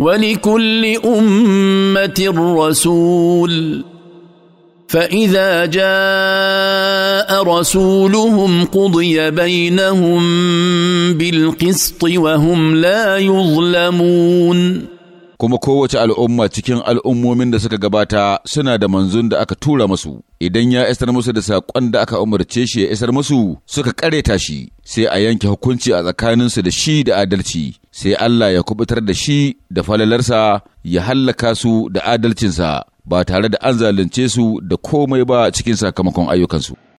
ولكل امه رسول فاذا جاء رسولهم قضي بينهم بالقسط وهم لا يظلمون kuma kowace al'umma cikin al'ummomin da suka gabata suna da manzon da aka tura masu idan ya isar musu da saƙon da aka umarce shi ya isar musu suka ƙareta shi sai a yanke hukunci a tsakaninsu da shi da adalci sai Allah ya kubutar da shi da falalarsa ya hallaka su da adalcinsa ba tare da an zalunce su da komai ba cikin sakamakon ayyukansu.